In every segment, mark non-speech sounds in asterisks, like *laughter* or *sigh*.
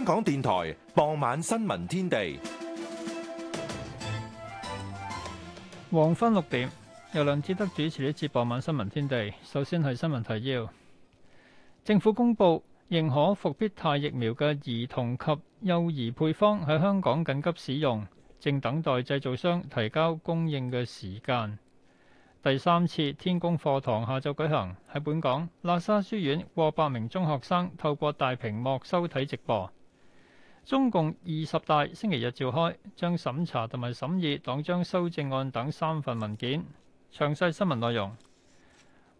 香港電台傍晚新聞天地，黃昏六點由梁志德主持呢節傍晚新聞天地。首先係新聞提要：政府公布認可復必泰疫苗嘅兒童及幼兒配方喺香港緊急使用，正等待製造商提交供應嘅時間。第三次天宮課堂下晝舉行喺本港喇沙書院，過百名中學生透過大屏幕收睇直播。中共二十大星期日召開，將審查同埋審議黨章修正案等三份文件。詳細新聞內容：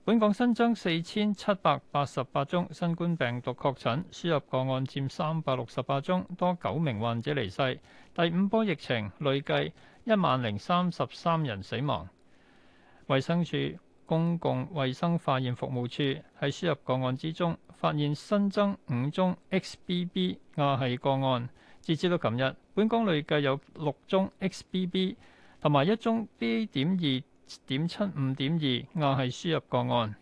本港新增四千七百八十八宗新冠病毒確診，輸入個案佔三百六十八宗，多九名患者離世。第五波疫情累計一萬零三十三人死亡。衛生署，公共衛生化驗服務處喺輸入個案之中，發現新增五宗 XBB 亞系個案。截至到琴日，本港累計有六宗 XBB 同埋一宗 BA 點二點七五點二亞系輸入個案。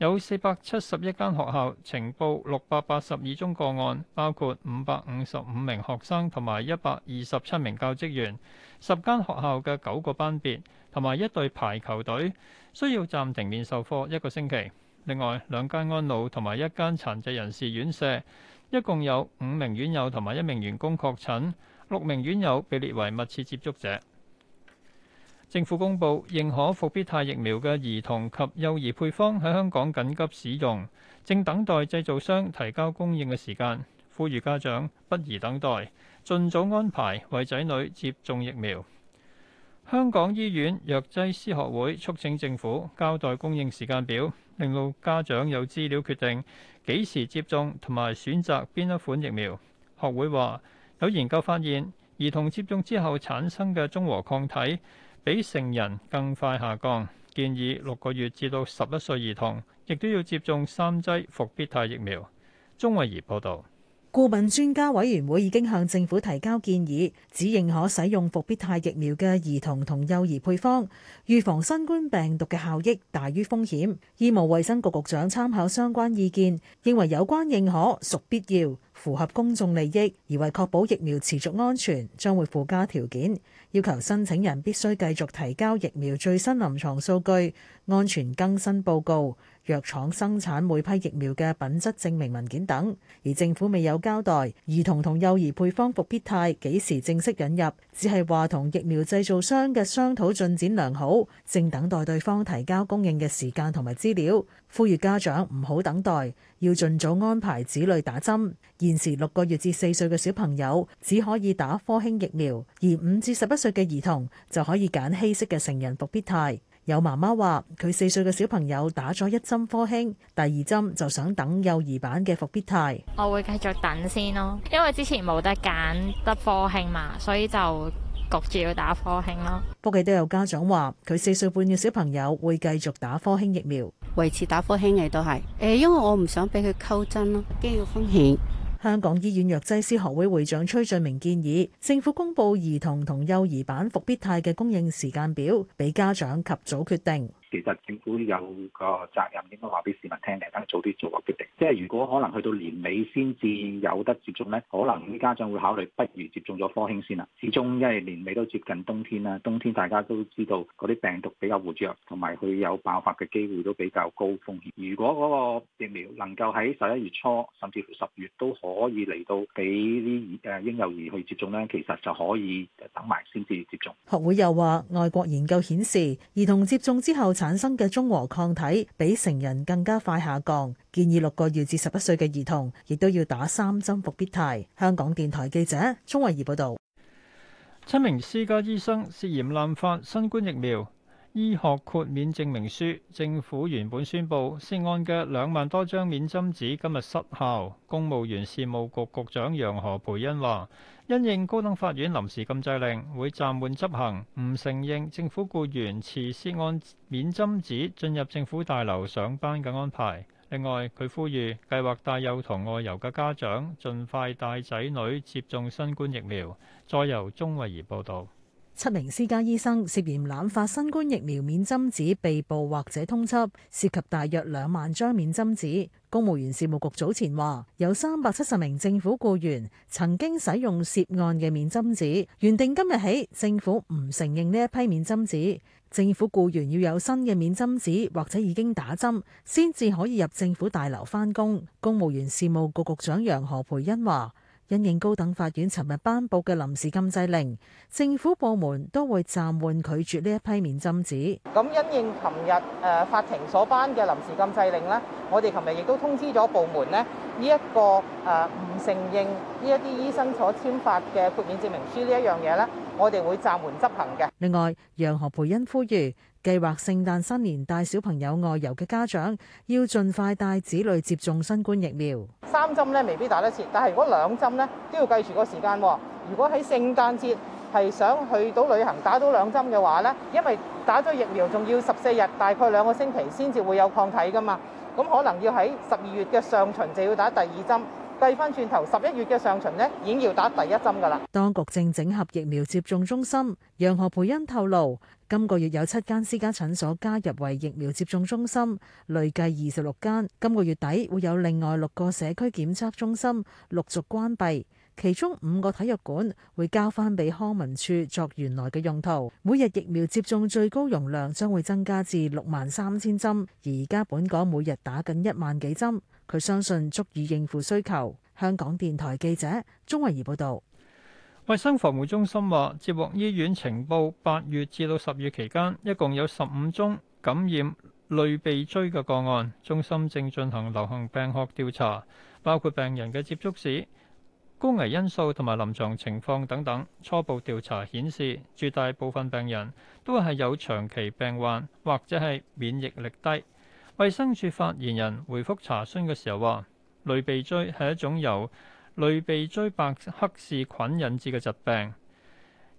有四百七十一間學校呈報六百八十二宗個案，包括五百五十五名學生同埋一百二十七名教職員，十間學校嘅九個班別同埋一隊排球隊需要暫停面授課一個星期。另外兩間安老同埋一間殘疾人士院舍，一共有五名院友同埋一名員工確診，六名院友被列為密切接觸者。政府公布認可復必泰疫苗嘅兒童及幼兒配方喺香港緊急使用，正等待製造商提交供應嘅時間。呼籲家長不宜等待，盡早安排為仔女接種疫苗。香港醫院藥劑師學會促請政府交代供應時間表，令到家長有資料決定幾時接種同埋選擇邊一款疫苗。學會話有研究發現，兒童接種之後產生嘅中和抗體，比成人更快下降，建議六個月至到十一歲兒童亦都要接種三劑復必泰疫苗。鍾慧儀報道。顧問專家委員會已經向政府提交建議，只認可使用復必泰疫苗嘅兒童同幼兒配方，預防新冠病毒嘅效益大於風險。醫務衛生局局長參考相關意見，認為有關認可屬必要，符合公眾利益，而為確保疫苗持續安全，將會附加條件，要求申請人必須繼續提交疫苗最新臨床數據、安全更新報告。藥廠生產每批疫苗嘅品質證明文件等，而政府未有交代兒童同幼兒配方復必泰幾時正式引入，只係話同疫苗製造商嘅商討進展良好，正等待對方提交供應嘅時間同埋資料。呼籲家長唔好等待，要盡早安排子女打針。現時六個月至四歲嘅小朋友只可以打科興疫苗，而五至十一歲嘅兒童就可以揀稀釋嘅成人復必泰。有媽媽話：佢四歲嘅小朋友打咗一針科興，第二針就想等幼兒版嘅復必泰。我會繼續等先咯，因為之前冇得揀，得科興嘛，所以就焗住要打科興咯。不過都有家長話：佢四歲半嘅小朋友會繼續打科興疫苗，維持打科興嘅都係誒，因為我唔想俾佢溝針咯，驚有風險。香港醫院藥劑師學會會長崔俊明建議，政府公布兒童同幼兒版復必泰嘅供應時間表，俾家長及早決定。其實政府有個責任，應該話俾市民聽嘅，等早啲做個決定。即係如果可能去到年尾先至有得接種呢，可能啲家長會考慮，不如接種咗科興先啦。始終因為年尾都接近冬天啦，冬天大家都知道嗰啲病毒比較活躍，同埋佢有爆發嘅機會都比較高風險。如果嗰個疫苗能夠喺十一月初，甚至乎十月都可以嚟到俾啲誒嬰幼兒去接種呢，其實就可以等埋先至接種。學會又話，外國研究顯示，兒童接種之後，產生嘅中和抗體比成人更加快下降，建議六個月至十一歲嘅兒童亦都要打三針復必泰。香港電台記者鍾慧儀報導。七名私家醫生涉嫌濫發新冠疫苗醫學豁免證明書，政府原本宣布涉案嘅兩萬多張免針紙今日失效。公務員事務局局局長楊何培恩話，因應高等法院臨時禁制令，會暫緩執行，唔承認政府雇員持涉案免針紙進入政府大樓上班嘅安排。另外，佢呼籲計劃帶幼童外遊嘅家長，盡快帶仔女接種新冠疫苗。再由鍾慧兒報導。七名私家醫生涉嫌濫發新冠疫苗免針紙被捕或者通緝，涉及大約兩萬張免針紙。公務員事務局早前話，有三百七十名政府僱員曾經使用涉案嘅免針紙。原定今日起，政府唔承認呢一批免針紙，政府僱員要有新嘅免針紙或者已經打針，先至可以入政府大樓翻工。公務員事務局局長楊何培恩話。因應高等法院尋日頒布嘅臨時禁制令，政府部門都會暫緩拒絕呢一批免針紙。咁因應尋日誒法庭所頒嘅臨時禁制令呢，我哋尋日亦都通知咗部門咧，呢一個誒唔承認呢一啲醫生所簽發嘅豁免證明書呢一樣嘢呢，我哋會暫緩執行嘅。另外，楊何培恩呼籲。計劃聖誕新年帶小朋友外遊嘅家長，要盡快帶子女接種新冠疫苗。三針咧未必打得切，但係如果兩針咧都要計住個時間。如果喺聖誕節係想去到旅行打到兩針嘅話咧，因為打咗疫苗仲要十四日，大概兩個星期先至會有抗體噶嘛。咁可能要喺十二月嘅上旬就要打第二針。計翻轉頭十一月嘅上旬咧，已經要打第一針噶啦。當局正整合疫苗接種中心，楊何培恩透露。今個月有七間私家診所加入為疫苗接種中心，累計二十六間。今個月底會有另外六個社區檢測中心陸續關閉，其中五個體育館會交翻俾康文署作原來嘅用途。每日疫苗接種最高容量將會增加至六萬三千針，而家本港每日打緊一萬幾針，佢相信足以應付需求。香港電台記者鍾慧儀報道。衞生防護中心話接獲醫院情報，八月至到十月期間，一共有十五宗感染類鼻疽嘅個案。中心正進行流行病學調查，包括病人嘅接觸史、高危因素同埋臨床情況等等。初步調查顯示，絕大部分病人都係有長期病患或者係免疫力低。衞生署發言人回覆查詢嘅時候話，類鼻疽係一種由類鼻疽伯克氏菌引致嘅疾病，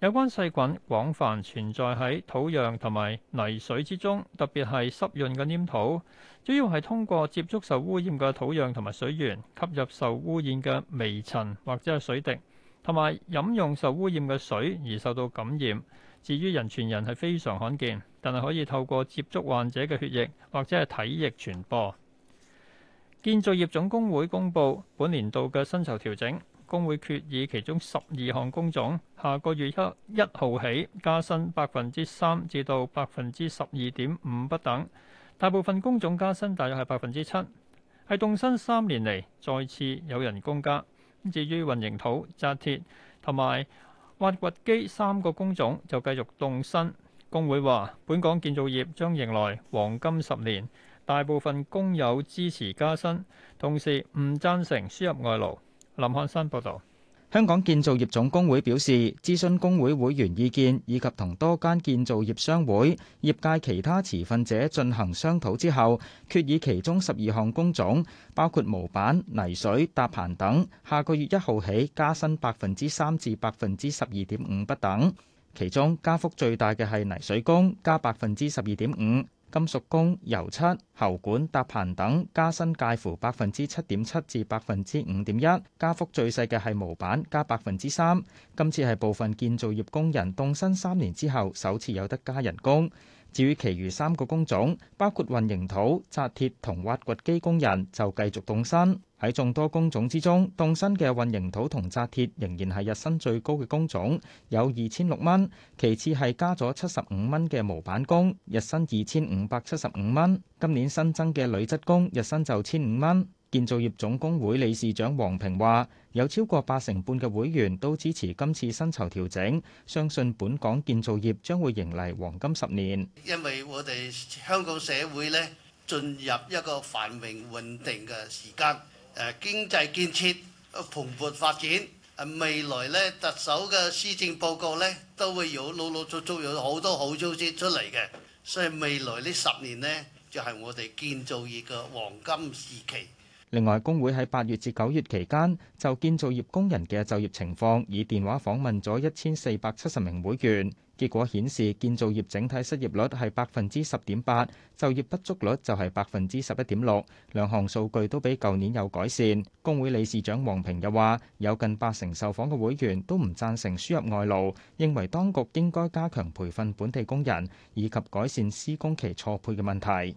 有關細菌廣泛存在喺土壤同埋泥水之中，特別係濕潤嘅黏土。主要係通過接觸受污染嘅土壤同埋水源，吸入受污染嘅微塵或者係水滴，同埋飲用受污染嘅水而受到感染。至於人傳人係非常罕見，但係可以透過接觸患者嘅血液或者係體液傳播。建造業總工會公布本年度嘅薪酬調整，工會決議其中十二項工種，下個月一,一號起加薪百分之三至到百分之十二點五不等，大部分工種加薪大約係百分之七，係凍薪三年嚟再次有人工加。至於混凝土、紮鐵同埋挖掘機三個工種就繼續凍薪。工會話：本港建造業將迎來黃金十年。大部分工友支持加薪，同時唔贊成輸入外勞。林漢山報道。香港建造業總工會表示，諮詢工會會員意見以及同多間建造業商會業界其他持份者進行商討之後，決議其中十二項工種包括模板、泥水、搭棚等，下個月一號起加薪百分之三至百分之十二點五不等，其中加幅最大嘅係泥水工，加百分之十二點五。金屬工、油漆、喉管、搭棚等加薪介乎百分之七點七至百分之五點一，加幅最細嘅係模板，加百分之三。今次係部分建造業工人凍薪三年之後，首次有得加人工。至於其餘三個工種，包括混凝土、紮鐵同挖掘機工人，就繼續凍薪。喺眾多工種之中，凍薪嘅混凝土同紮鐵仍然係日薪最高嘅工種，有二千六蚊。其次係加咗七十五蚊嘅模板工，日薪二千五百七十五蚊。今年新增嘅女職工，日薪就千五蚊。建造業總工會理事長黃平話：有超過八成半嘅會員都支持今次薪酬調整，相信本港建造業將會迎嚟黃金十年。因為我哋香港社會呢，進入一個繁榮穩定嘅時間。誒經濟建設蓬勃發展，未來咧特首嘅施政報告咧都會有陸陸續續有好多好消息出嚟嘅，所以未來呢十年呢，就係我哋建造業嘅黃金時期。另外，工會喺八月至九月期間就建造業工人嘅就業情況，以電話訪問咗一千四百七十名會員。結果顯示，建造業整體失業率係百分之十點八，就業不足率就係百分之十一點六，兩項數據都比舊年有改善。工會理事長黃平又話，有近八成受訪嘅會員都唔贊成輸入外勞，認為當局應該加強培訓本地工人，以及改善施工期錯配嘅問題。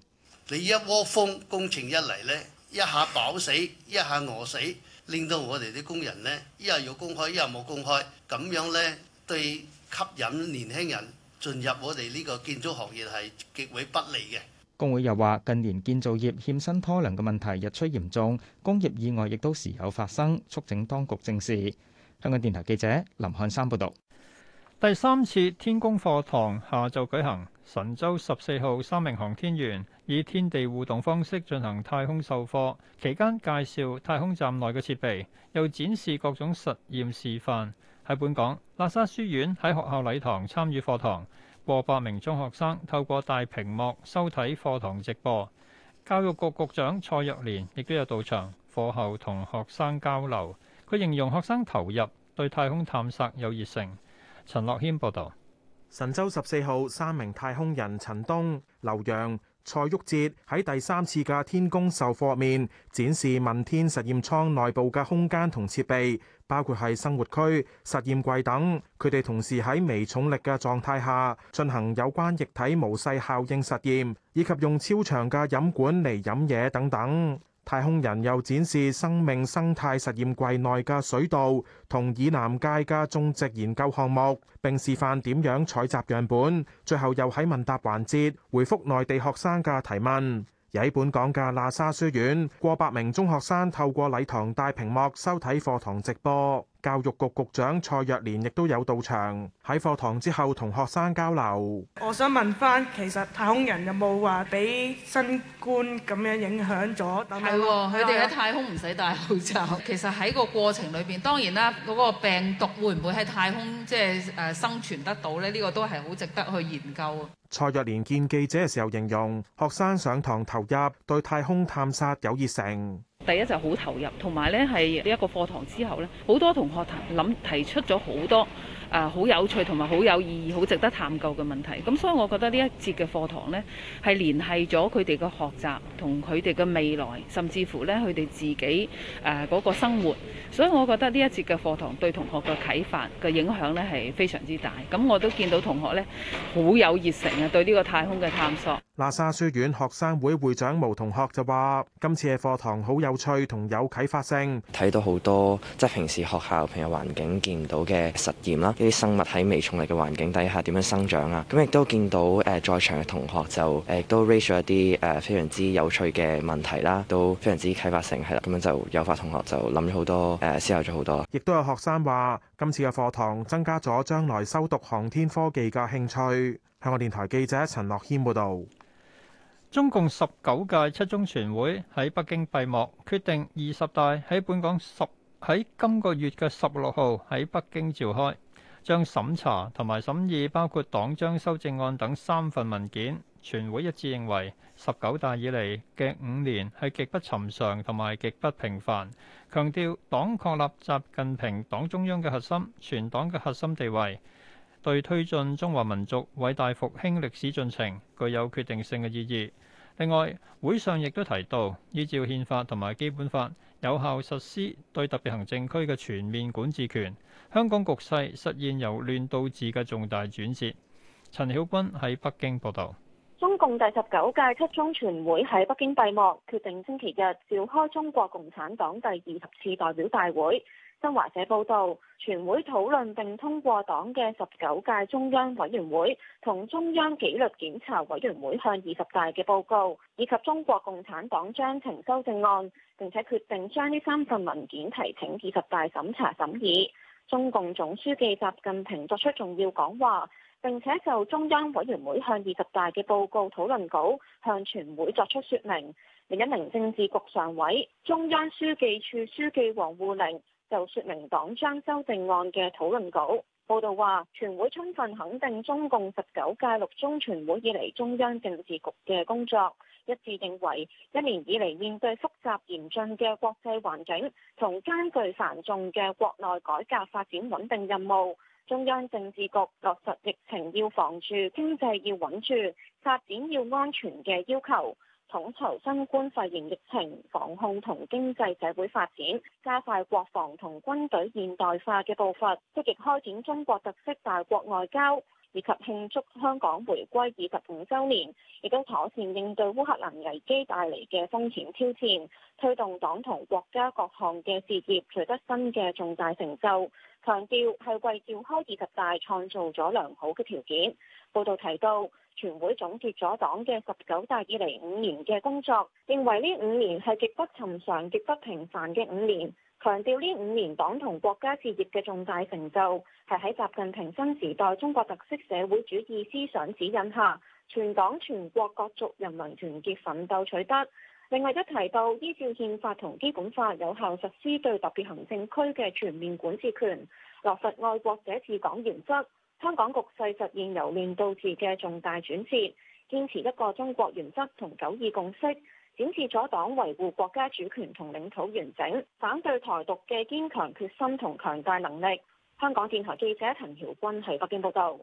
你一窩蜂工程一嚟呢，一下飽死，一下餓死，令到我哋啲工人呢，一日要公開，一日冇公開，咁樣呢對，吸引年輕人進入我哋呢個建築行業係極為不利嘅。工會又話：近年建造業欠薪拖糧嘅問題日趨嚴重，工業意外亦都時有發生，促請當局正視。香港電台記者林漢山報導。第三次天宮課堂下晝舉行，神舟十四號三名航天員以天地互動方式進行太空授課，期間介紹太空站內嘅設備，又展示各種實驗示範。喺本港，喇沙書院喺學校禮堂參與課堂，過百名中學生透過大屏幕收睇課堂直播。教育局局長蔡若蓮亦都有到場，課後同學生交流。佢形容學生投入，對太空探索有熱誠。陳樂軒報導。神舟十四號三名太空人陳冬、劉洋、蔡旭哲喺第三次嘅天宮授課面，展示問天實驗艙內部嘅空間同設備。包括係生活區、實驗櫃等，佢哋同時喺微重力嘅狀態下進行有關液體毛細效應實驗，以及用超長嘅飲管嚟飲嘢等等。太空人又展示生命生態實驗櫃內嘅水稻同以南芥嘅種植研究項目，並示範點樣採集樣本。最後又喺問答環節回覆內地學生嘅提問。喺本港嘅喇沙書院，過百名中學生透過禮堂大屏幕收睇課堂直播。教育局局長蔡若蓮亦都有到場，喺課堂之後同學生交流。我想問翻，其實太空人有冇話俾新冠咁樣影響咗？係喎的，佢哋喺太空唔使戴口罩。 *laughs* 其實喺個過程裏邊，當然啦，嗰個病毒會唔會喺太空即係誒生存得到咧？呢個都係好值得去研究。蔡若蓮見記者嘅時候形容，學生上堂投入，對太空探索有熱誠。第一就好投入，同埋呢係呢一個課堂之後呢，好多同學提諗提出咗好多，啊，好有趣同埋好有意義、好值得探究嘅問題。咁所以，我覺得呢一節嘅課堂呢，係聯繫咗佢哋嘅學習同佢哋嘅未來，甚至乎呢佢哋自己誒嗰個生活。所以，我覺得呢一節嘅課堂對同學嘅啟發嘅影響呢，係非常之大。咁我都見到同學呢，好有熱誠啊，對呢個太空嘅探索。喇沙書院學生會會長毛同學就話：今次嘅課堂好有趣同有啟發性，睇到好多即係、就是、平時學校平日環境見唔到嘅實驗啦。啲生物喺微重力嘅環境底下點樣生長啊？咁亦都見到誒在場嘅同學就誒都 raise 咗一啲誒非常之有趣嘅問題啦，都非常之啟發性係啦，咁樣就誘發同學就諗咗好多誒思考咗好多。亦都有學生話今次嘅課堂增加咗將來修讀航天科技嘅興趣。香港電台記者陳樂謙報道。中共十九屆七中全會喺北京閉幕，決定二十大喺本港十喺今個月嘅十六號喺北京召開。將審查同埋審議包括黨章修正案等三份文件，全會一致認為十九大以嚟嘅五年係極不尋常同埋極不平凡，強調黨確立習近平黨中央嘅核心、全黨嘅核心地位，對推進中華民族偉大復興歷史進程具有決定性嘅意義。另外，會上亦都提到，依照憲法同埋基本法，有效實施對特別行政區嘅全面管治權。香港局勢實現由亂到治嘅重大轉折。陳曉君喺北京報道。中共第十九屆七中全會喺北京閉幕，決定星期日召開中國共產黨第二十次代表大會。新華社報道，全會討論並通過黨嘅十九屆中央委員會同中央紀律檢查委員會向二十大嘅報告，以及中國共產黨章程修正案，並且決定將呢三份文件提請二十大審查審議。中共總書記習近平作出重要講話，並且就中央委員會向二十大嘅報告討論稿向全會作出説明。另一名政治局常委、中央書記處書記王滬寧就説明黨章修正案嘅討論稿。報道話，全會充分肯定中共十九屆六中全會以嚟中央政治局嘅工作，一致認為，一年以嚟面對複雜嚴峻嘅國際環境同艱巨繁重嘅國內改革發展穩定任務，中央政治局落實疫情要防住、經濟要穩住、發展要安全嘅要求。統籌新冠肺炎疫情防控同經濟社會發展，加快國防同軍隊現代化嘅步伐，積極開展中國特色大國外交。以及慶祝香港回歸二十五週年，亦都妥善應對烏克蘭危機帶嚟嘅風險挑戰，推動黨同國家各項嘅事業取得新嘅重大成就，強調係為召開二十大創造咗良好嘅條件。報道提到，全會總結咗黨嘅十九大以嚟五年嘅工作，認為呢五年係極不尋常、極不平凡嘅五年。強調呢五年黨同國家事業嘅重大成就係喺習近平新時代中國特色社會主義思想指引下，全黨全國各族人民團結奮鬥取得。另外都提到依照憲法同基本法有效實施對特別行政區嘅全面管治權，落實愛國者治港原則，香港局勢實現由亂到治嘅重大轉折，堅持一個中國原則同九二共識。展示咗黨維護國家主權同領土完整、反對台獨嘅堅強決心同強大能力。香港電台記者陳曉君喺北京報道。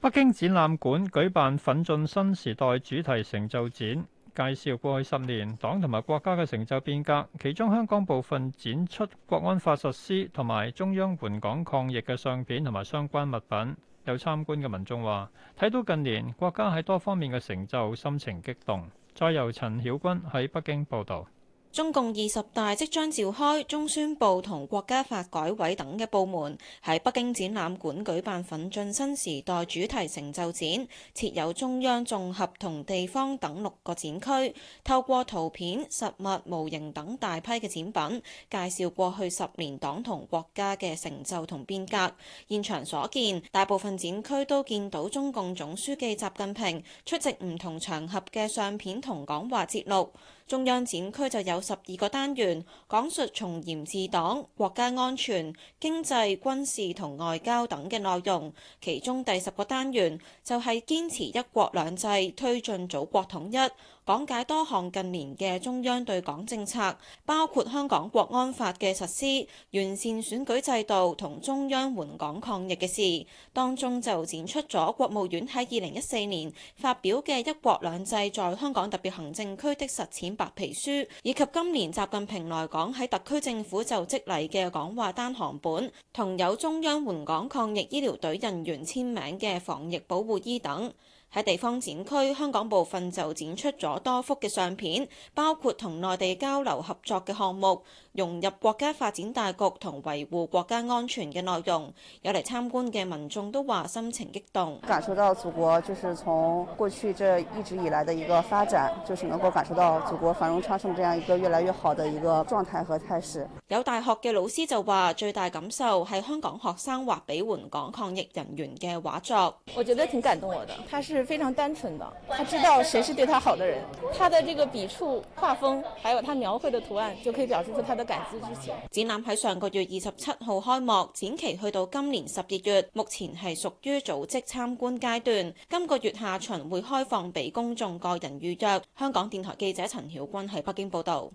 北京展覽館舉辦《奮進新時代》主題成就展，介紹過去十年黨同埋國家嘅成就變革。其中，香港部分展出國安法實施同埋中央援港抗疫嘅相片同埋相關物品。有參觀嘅民眾話，睇到近年國家喺多方面嘅成就，心情激動。再由陳曉君喺北京報道。中共二十大即將召開，中宣部同國家發改委等嘅部門喺北京展覽館舉辦「奮進新時代」主題成就展，設有中央綜合同地方等六個展區，透過圖片、實物、模型等大批嘅展品，介紹過去十年黨同國家嘅成就同變革。現場所見，大部分展區都見到中共總書記習近平出席唔同場合嘅相片同講話節錄，中央展區就有。十二個單元，講述從嚴治黨、國家安全、經濟、軍事同外交等嘅內容，其中第十個單元就係堅持一國兩制，推進祖國統一。講解多項近年嘅中央對港政策，包括香港國安法嘅實施、完善選舉制度同中央援港抗疫嘅事，當中就展出咗國務院喺二零一四年發表嘅《一國兩制在香港特別行政區的實踐》白皮書，以及今年習近平來港喺特區政府就職禮嘅講話單行本，同有中央援港抗疫醫療隊人員簽名嘅防疫保護衣等。喺地方展區，香港部分就展出咗多幅嘅相片，包括同內地交流合作嘅項目、融入國家發展大局同維護國家安全嘅內容。有嚟參觀嘅民眾都話心情激動，感受到祖國就是從過去這一直以來的一個發展，就是能夠感受到祖國繁榮昌盛這樣一個越來越好的一個狀態和態勢。有大學嘅老師就話最大感受係香港學生畫俾援港抗疫人員嘅畫作，我覺得挺感動我的，我嘅，他是。非常單純的，他知道誰是對他好的人。他的這個筆觸、畫風，還有他描繪的圖案，就可以表示出他的感激之情。展覽喺上個月二十七號開幕，展期去到今年十二月，目前係屬於組織參觀階段。今個月下旬會開放俾公眾個人預約。香港電台記者陳曉君喺北京報道。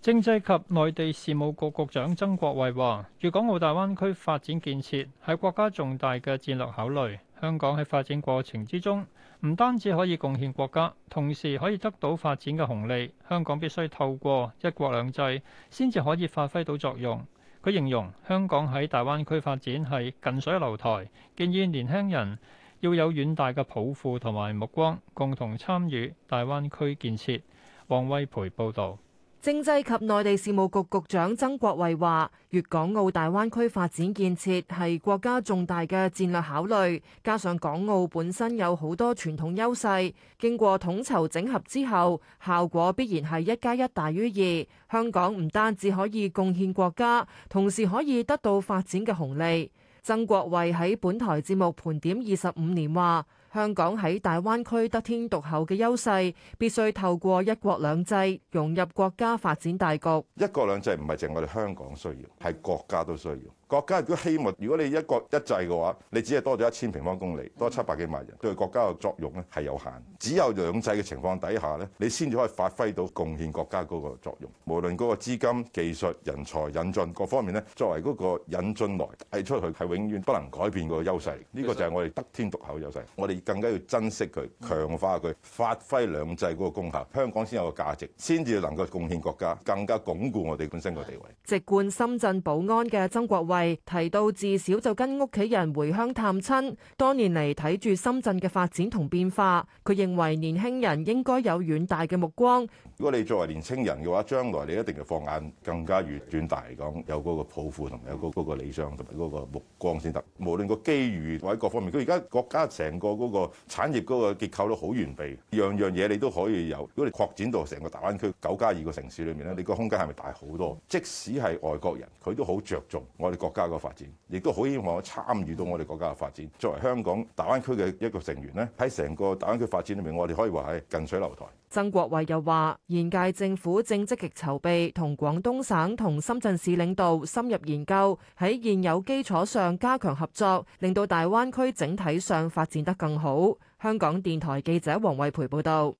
政制及內地事務局局,局長曾國衛話，粵港澳大灣區發展建設係國家重大嘅戰略考慮。香港喺發展過程之中，唔單止可以貢獻國家，同時可以得到發展嘅紅利。香港必須透過一國兩制，先至可以發揮到作用。佢形容香港喺大灣區發展係近水樓台，建議年輕人要有遠大嘅抱負同埋目光，共同參與大灣區建設。黃威培報導。政制及內地事務局局長曾國衛話，粵港澳大灣區發展建設係國家重大嘅戰略考慮，加上港澳本身有好多傳統優勢，經過統籌整合之後，效果必然係一加一大於二。香港唔單止可以貢獻國家，同時可以得到發展嘅紅利。曾國衛喺本台節目盤點二十五年話。香港喺大灣區得天獨厚嘅優勢，必須透過一國兩制融入國家發展大局。一國兩制唔係淨我哋香港需要，係國家都需要。國家如果希望，如果你一國一制嘅話，你只係多咗一千平方公里，多七百幾萬人，對國家嘅作用咧係有限。只有兩制嘅情況底下咧，你先至可以發揮到貢獻國家嗰個作用。無論嗰個資金、技術、人才引進各方面咧，作為嗰個引進來帶出去係永遠不能改變個優勢。呢、這個就係我哋得天獨厚嘅優勢。我哋更加要珍惜佢，強化佢，發揮兩制嗰個功效，香港先有個價值，先至能夠貢獻國家，更加鞏固我哋本身個地位。籍貫深圳寶安嘅曾國衛。提到自少就跟屋企人回鄉探親，多年嚟睇住深圳嘅發展同變化，佢認為年輕人應該有遠大嘅目光。如果你作為年青人嘅話，將來你一定要放眼更加遠，遠大嚟講，有嗰個抱負同埋有嗰個理想同埋嗰個目光先得。無論個機遇或者各方面，佢而家國家成個嗰個產業嗰個結構都好完備，樣樣嘢，你都可以有。如果你擴展到成個大灣區九加二個城市裏面咧，你個空間係咪大好多？即使係外國人，佢都好着重我哋國家嘅發展，亦都好希望參與到我哋國家嘅發展。作為香港大灣區嘅一個成員咧，喺成個大灣區發展裏面，我哋可以話係近水樓台。曾國衛又話：現屆政府正積極籌備，同廣東省同深圳市領導深入研究，喺現有基礎上加強合作，令到大灣區整體上發展得更好。香港電台記者黃惠培報道。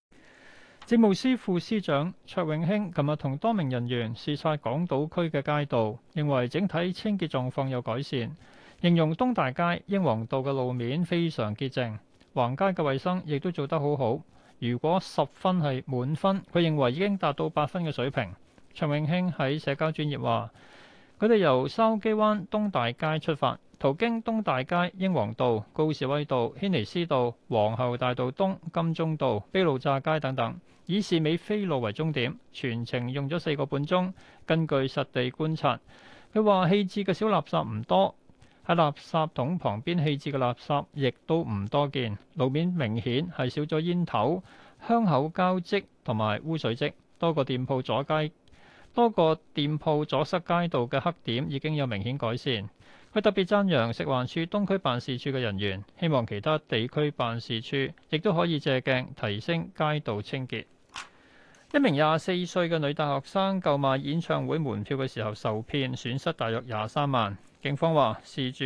政務司副司長卓永興琴日同多名人員視察港島區嘅街道，認為整體清潔狀況有改善，形容東大街、英皇道嘅路面非常潔淨，橫街嘅衛生亦都做得好好。如果十分係滿分，佢認為已經達到八分嘅水平。卓永興喺社交專頁話：佢哋由筲箕灣東大街出發。途經東大街、英皇道、高士威道、軒尼詩道、皇后大道東、金鐘道、卑路乍街等等，以士美菲路為終點，全程用咗四個半鐘。根據實地觀察，佢話棄置嘅小垃圾唔多，喺垃圾桶旁邊棄置嘅垃圾亦都唔多見。路面明顯係少咗煙頭、香口膠漬同埋污水漬，多個店鋪左街多個店鋪左側街道嘅黑點已經有明顯改善。佢特別讚揚食環署東區辦事處嘅人員，希望其他地區辦事處亦都可以借鏡提升街道清潔。一名廿四歲嘅女大學生購買演唱會門票嘅時候受騙，損失大約廿三萬。警方話，事主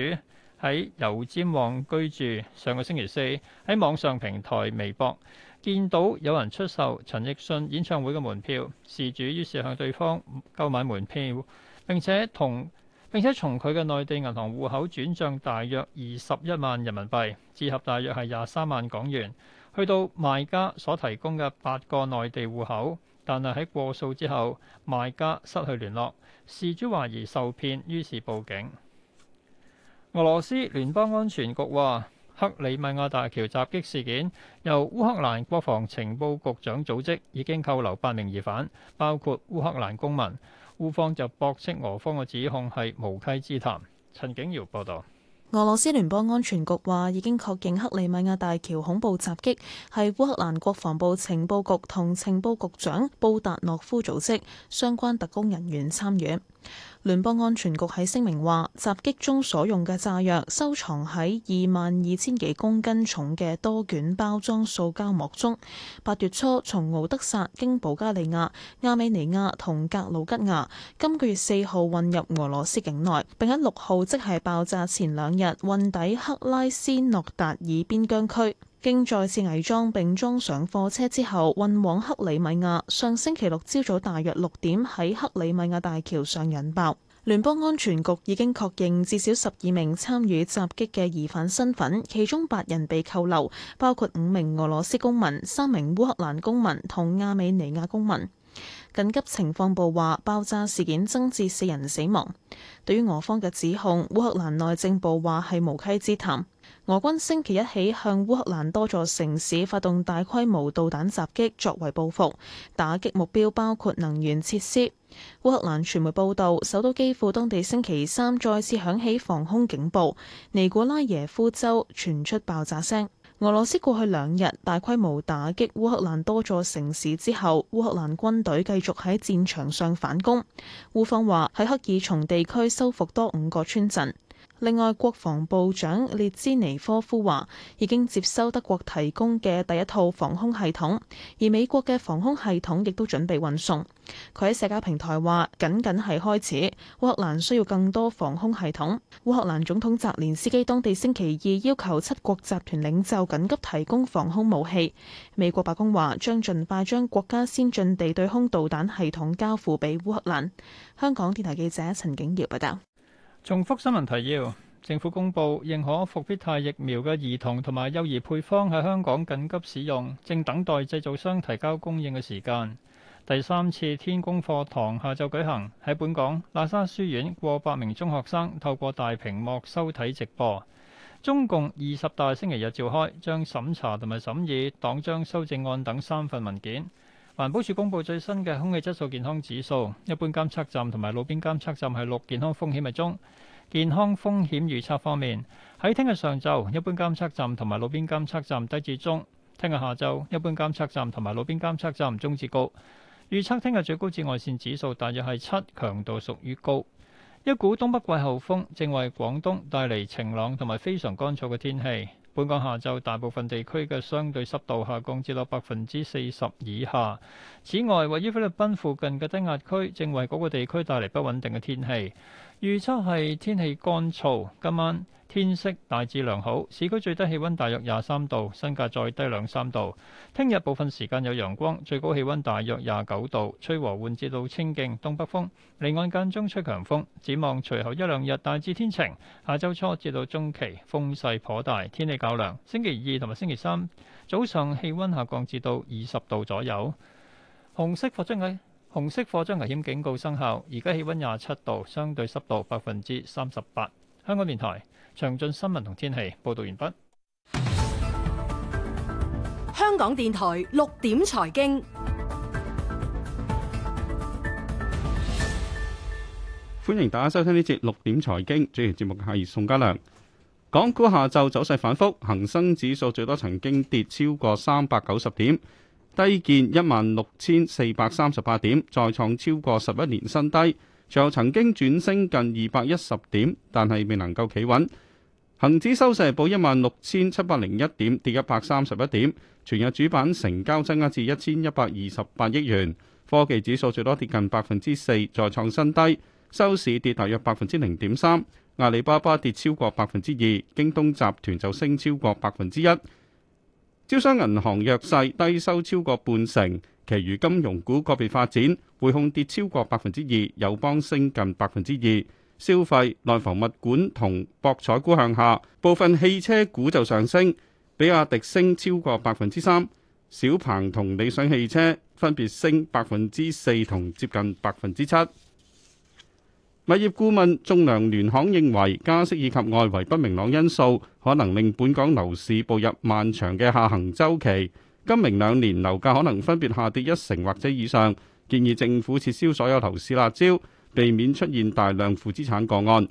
喺油尖旺居住，上個星期四喺網上平台微博見到有人出售陳奕迅演唱會嘅門票，事主於是向對方購買門票，並且同。並且從佢嘅內地銀行戶口轉賬大約二十一萬人民幣，折合大約係廿三萬港元，去到賣家所提供嘅八個內地戶口，但係喺過數之後，賣家失去聯絡，事主懷疑受騙，於是報警。俄羅斯聯邦安全局話，克里米亞大橋襲擊事件由烏克蘭國防情報局長組織，已經扣留八名疑犯，包括烏克蘭公民。烏方就駁斥俄方嘅指控係無稽之談。陳景瑤報道，俄羅斯聯邦安全局話已經確認克里米亞大橋恐怖襲擊係烏克蘭國防部情報局同情報局長布達諾夫組織，相關特工人員參與。聯邦安全局喺聲明話，襲擊中所用嘅炸藥收藏喺二萬二千幾公斤重嘅多卷包裝塑膠膜中。八月初從敖德薩經保加利亞、亞美尼亞同格魯吉亞，今個月四號運入俄羅斯境內，並喺六號即係爆炸前兩日運抵克拉斯諾達爾邊疆區。經再次偽裝並裝上貨車之後，運往克里米亞。上星期六朝早大約六點，喺克里米亞大橋上引爆。聯邦安全局已經確認至少十二名參與襲擊嘅疑犯身份，其中八人被扣留，包括五名俄羅斯公民、三名烏克蘭公民同亞美尼亞公民。緊急情況部話爆炸事件增至四人死亡。對於俄方嘅指控，烏克蘭內政部話係無稽之談。俄軍星期一起向烏克蘭多座城市發動大規模導彈襲擊，作為報復。打擊目標包括能源設施。烏克蘭傳媒報道，首都基輔當地星期三再次響起防空警報，尼古拉耶夫州傳出爆炸聲。俄羅斯過去兩日大規模打擊烏克蘭多座城市之後，烏克蘭軍隊繼續喺戰場上反攻。烏方話喺赫爾松地區收復多五個村鎮。另外，國防部長列茲尼科夫話已經接收德國提供嘅第一套防空系統，而美國嘅防空系統亦都準備運送。佢喺社交平台話，僅僅係開始，烏克蘭需要更多防空系統。烏克蘭總統澤連斯基當地星期二要求七國集團領袖緊急提供防空武器。美國白宮話將盡快將國家先進地對空導彈系統交付俾烏克蘭。香港電台記者陳景堯報道。重複新聞提要：政府公布認可復必泰疫苗嘅兒童同埋幼兒配方喺香港緊急使用，正等待製造商提交供應嘅時間。第三次天宮課堂下晝舉行喺本港喇沙書院，過百名中學生透過大屏幕收睇直播。中共二十大星期日召開，將審查同埋審議黨章修正案等三份文件。環保署公布最新嘅空氣質素健康指數，一般監測站同埋路邊監測站係六，健康風險係中。健康風險預測方面，喺聽日上晝，一般監測站同埋路邊監測站低至中；聽日下晝，一般監測站同埋路邊監測站中至高。預測聽日最高紫外線指數大約係七，強度屬於高。一股東北季候風正為廣東帶嚟晴朗同埋非常乾燥嘅天氣。本港下晝大部分地區嘅相對濕度下降至到百分之四十以下。此外，位於菲律賓附近嘅低壓區正為嗰個地區帶嚟不穩定嘅天氣，預測係天氣乾燥。今晚，天色大致良好，市區最低氣温大約廿三度，新界再低兩三度。聽日部分時間有陽光，最高氣温大約廿九度，吹和緩至到清勁東北風，離岸間中吹強風。展望隨後一兩日大致天晴，下周初至到中期風勢頗大，天氣較涼。星期二同埋星期三早上氣温下降至到二十度左右。紅色火災危紅色火災危險警告生效。而家氣温廿七度，相對濕度百分之三十八。香港電台。詳盡新聞同天氣報道完畢。香港電台六點財經， *music* 歡迎大家收聽呢節六點財經。主持節目嘅係宋家良。港股下晝走勢反復，恒生指數最多曾經跌超過三百九十點，低見一萬六千四百三十八點，再創超過十一年新低。隨後曾經轉升近二百一十點，但係未能夠企穩。恒指收市報一萬六千七百零一點，跌一百三十一點。全日主板成交增加至一千一百二十八億元。科技指數最多跌近百分之四，再創新低，收市跌大約百分之零點三。阿里巴巴跌超過百分之二，京東集團就升超過百分之一。招商銀行弱勢，低收超過半成。其餘金融股個別發展，匯控跌超過百分之二，友邦升近百分之二。消費、內房物管同博彩股向下，部分汽車股就上升，比亞迪升超過百分之三，小鵬同理想汽車分別升百分之四同接近百分之七。物業顧問仲量聯行認為，加息以及外圍不明朗因素，可能令本港樓市步入漫長嘅下行週期，今明兩年樓價可能分別下跌一成或者以上，建議政府撤銷所有樓市辣招。避免出現大量負資產個案。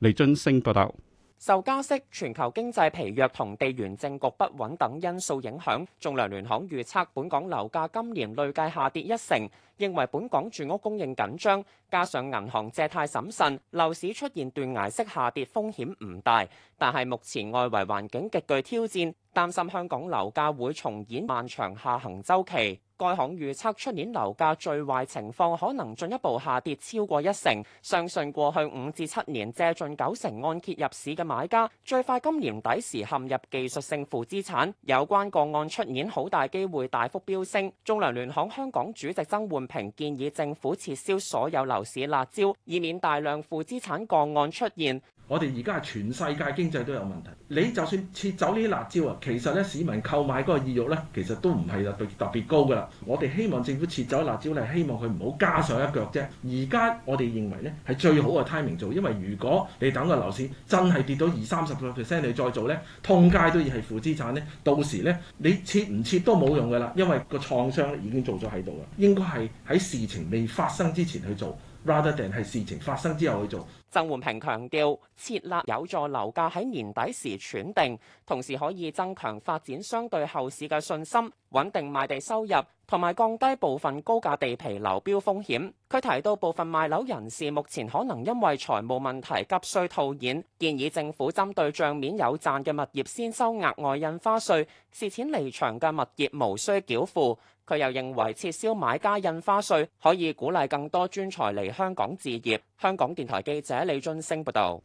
李俊升報道，受加息、全球經濟疲弱同地緣政局不穩等因素影響，仲量聯行預測本港樓價今年累計下跌一成。認為本港住屋供應緊張，加上銀行借貸審慎，樓市出現斷崖式下跌風險唔大。但係目前外圍環境極具挑戰，擔心香港樓價會重演漫長下行周期。該行預測出年樓價最壞情況可能進一步下跌超過一成。相信過去五至七年借盡九成按揭入市嘅買家，最快今年底時陷入技術性負資產。有關個案出年好大機會大幅飆升。仲量聯行香港主席曾煥平建議政府撤銷所有樓市辣招，以免大量負資產個案出現。我哋而家係全世界經濟都有問題。你就算撤走呢啲辣招啊，其實咧市民購買嗰個意欲咧，其實都唔係特別特別高噶啦。我哋希望政府撤走辣招咧，希望佢唔好加上一腳啫。而家我哋認為咧係最好嘅 timing 做，因為如果你等個樓市真係跌到二三十個 percent，你再做咧，通街都要係負資產咧。到時咧你撤唔撤都冇用噶啦，因為個創傷已經做咗喺度啦。應該係喺事情未發生之前去做，rather than 係事情發生之後去做。曾煥平強調，設立有助樓價喺年底時喘定，同時可以增強發展商對後市嘅信心。穩定賣地收入，同埋降低部分高價地皮流標風險。佢提到部分賣樓人士目前可能因為財務問題急需套現，建議政府針對帳面有賺嘅物業先收額外印花稅，蝕錢離場嘅物業無需繳付。佢又認為撤銷買家印花稅可以鼓勵更多專才嚟香港置業。香港電台記者李津星報道。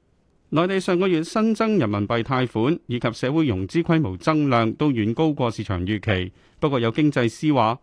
內地上個月新增人民幣貸款以及社會融資規模增量都遠高過市場預期，不過有經濟師話，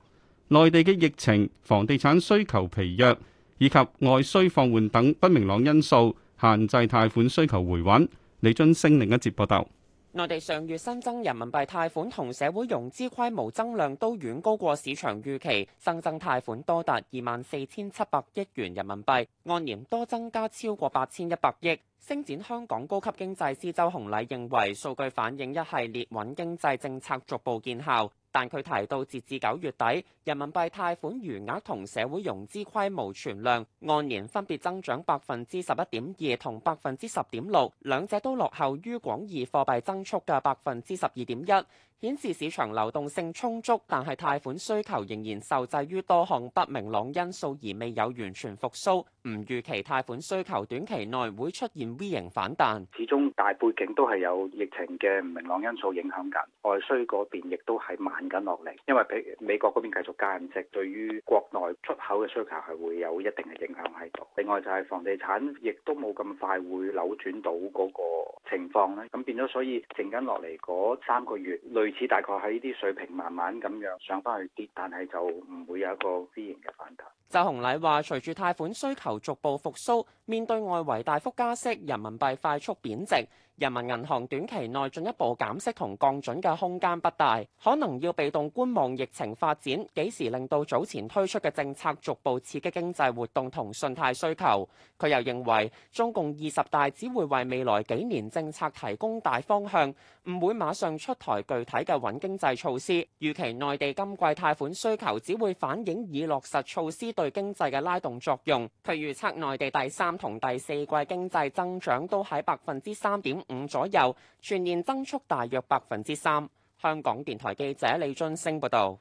內地嘅疫情、房地產需求疲弱以及外需放緩等不明朗因素限制貸款需求回穩。李津升另一節報道，內地上月新增人民幣貸款同社會融資規模增量都遠高過市場預期，新增，增貸款多達二萬四千七百億元人民幣，按年多增加超過八千一百億。星展香港高級經濟師周洪禮認為，數據反映一系列穩經濟政策逐步見效，但佢提到，截至九月底，人民幣貸款餘額同社會融資規模存量按年分別增長百分之十一點二同百分之十點六，兩者都落後於廣義貨幣增速嘅百分之十二點一。顯示市場流動性充足，但係貸款需求仍然受制於多項不明朗因素而未有完全復甦。唔預期貸款需求短期內會出現 V 型反彈。始終大背景都係有疫情嘅唔明朗因素影響緊，外需嗰邊亦都係慢緊落嚟。因為美美國嗰邊繼續加息，對於國內出口嘅需求係會有一定嘅影響喺度。另外就係房地產亦都冇咁快會扭轉到嗰個情況呢，咁變咗，所以剩緊落嚟嗰三個月類，似大概喺呢啲水平，慢慢咁樣上翻去跌，但係就唔會有一個 V 型嘅反彈。周洪禮話：隨住貸款需求逐步復甦，面對外圍大幅加息、人民幣快速貶值，人民銀行短期內進一步減息同降準嘅空間不大，可能要被動觀望疫情發展，幾時令到早前推出嘅政策逐步刺激經濟活動同信貸需求。佢又認為中共二十大只會為未來幾年政策提供大方向。唔會馬上出台具體嘅穩經濟措施，預期內地今季貸款需求只會反映已落實措施對經濟嘅拉動作用。佢預測內地第三同第四季經濟增長都喺百分之三點五左右，全年增速大約百分之三。香港電台記者李津升報道。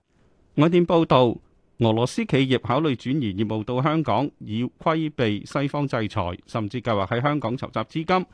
外電報導，俄羅斯企業考慮轉移業務到香港，以規避西方制裁，甚至計劃喺香港籌集資金。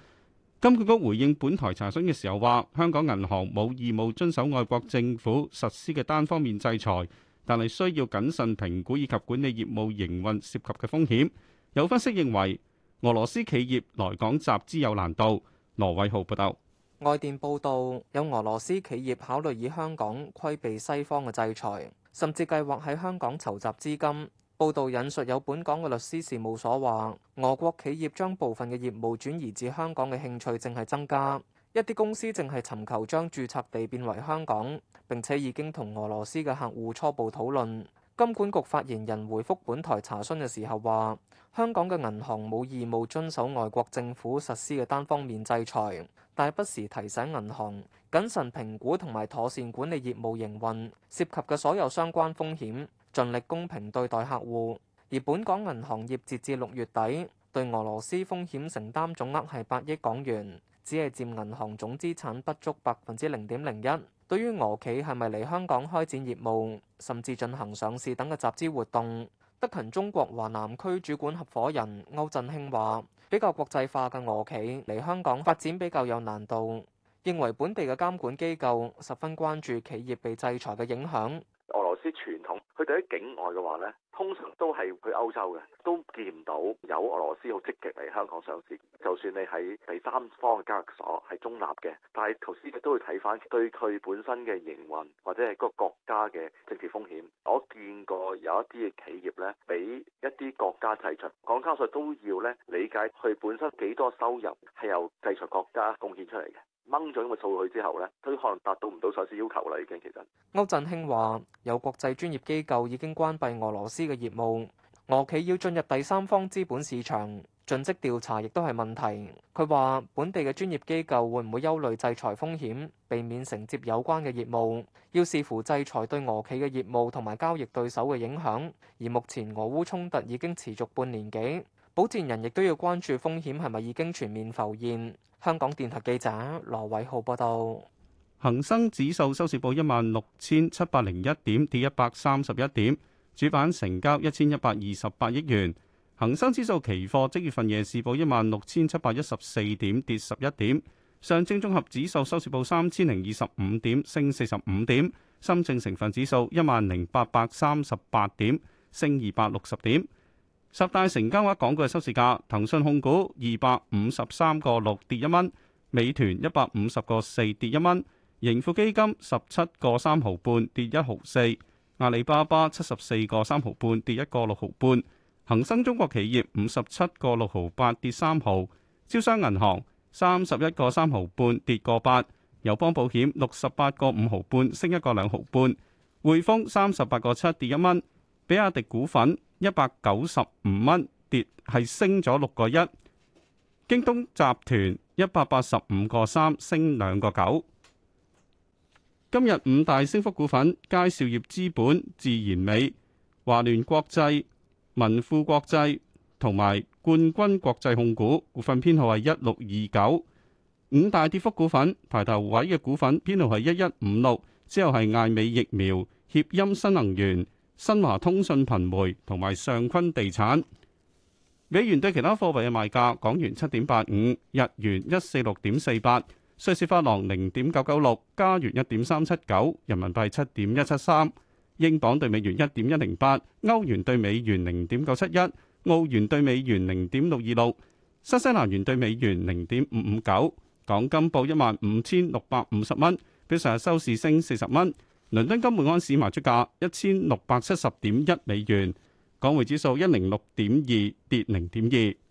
金管局回應本台查詢嘅時候話，香港銀行冇義務遵守外國政府實施嘅單方面制裁，但係需要謹慎評估以及管理業務營運涉及嘅風險。有分析認為，俄羅斯企業來港集資有難度。羅偉浩報道。外電報道，有俄羅斯企業考慮以香港規避西方嘅制裁，甚至計劃喺香港籌集資金。報道引述有本港嘅律師事務所話：俄國企業將部分嘅業務轉移至香港嘅興趣正係增加，一啲公司正係尋求將註冊地變為香港，並且已經同俄羅斯嘅客戶初步討論。金管局發言人回覆本台查詢嘅時候話：香港嘅銀行冇義務遵守外國政府實施嘅單方面制裁，但係不時提醒銀行謹慎評估同埋妥善管理業務營運涉及嘅所有相關風險。盡力公平對待客戶，而本港銀行業截至六月底，對俄羅斯風險承擔總額係八億港元，只係佔銀行總資產不足百分之零點零一。對於俄企係咪嚟香港開展業務，甚至進行上市等嘅集資活動，德勤中國華南區主管合伙人歐振興話：比較國際化嘅俄企嚟香港發展比較有難度，認為本地嘅監管機構十分關注企業被制裁嘅影響。啲傳統，佢哋喺境外嘅話呢，通常都係去歐洲嘅，都見唔到有俄羅斯好積極嚟香港上市。就算你喺第三方嘅交易所係中立嘅，但係投資你都會睇翻對佢本身嘅營運，或者係個國家嘅政治風險。我見過有一啲嘅企業呢，俾一啲國家制裁，港交所都要呢理解佢本身幾多收入係由制裁國家貢獻出嚟嘅。掹咗咁嘅數據之後呢，佢可能達到唔到上市要求啦。已經其實歐振興話：有國際專業機構已經關閉俄羅斯嘅業務，俄企要進入第三方資本市場，盡職調查亦都係問題。佢話本地嘅專業機構會唔會憂慮制裁風險，避免承接有關嘅業務，要視乎制裁對俄企嘅業務同埋交易對手嘅影響。而目前俄烏衝突已經持續半年幾。保薦人亦都要關注風險係咪已經全面浮現。香港電台記者羅偉浩報道。恒生指數收市報一萬六千七百零一點，跌一百三十一點。主板成交一千一百二十八億元。恒生指數期貨即月份夜市報一萬六千七百一十四點，跌十一點。上證綜合指數收市報三千零二十五點，升四十五點。深證成分指數一萬零八百三十八點，升二百六十點。十大成交額港股嘅收市價：騰訊控股二百五十三個六跌一蚊，美團一百五十個四跌一蚊，盈富基金十七個三毫半跌一毫四，阿里巴巴七十四個三毫半跌一個六毫半，恒生中國企業五十七個六毫八跌三毫，招商銀行三十一個三毫半跌個八，友邦保險六十八個五毫半升一個兩毫半，匯豐三十八個七跌一蚊，比亞迪股份。一百九十五蚊跌，係升咗六個一。京東集團一百八十五個三升兩個九。今日五大升幅股份：佳兆業資本、自然美、華聯國際、民富國際同埋冠軍國際控股，股份編號係一六二九。五大跌幅股份排頭位嘅股份編號係一一五六，之後係艾美疫苗、協鑫新能源。新華通訊頻媒同埋上坤地產。美元對其他貨幣嘅賣價：港元七點八五，日元一四六點四八，瑞士法郎零點九九六，加元一點三七九，人民幣七點一七三，英鎊對美元一點一零八，歐元對美元零點九七一，澳元對美元零點六二六，新西蘭元對美元零點五五九。港金報一萬五千六百五十蚊，比上日收市升四十蚊。倫敦金每盎司賣出價一千六百七十點一美元，港匯指數一零六點二，跌零點二。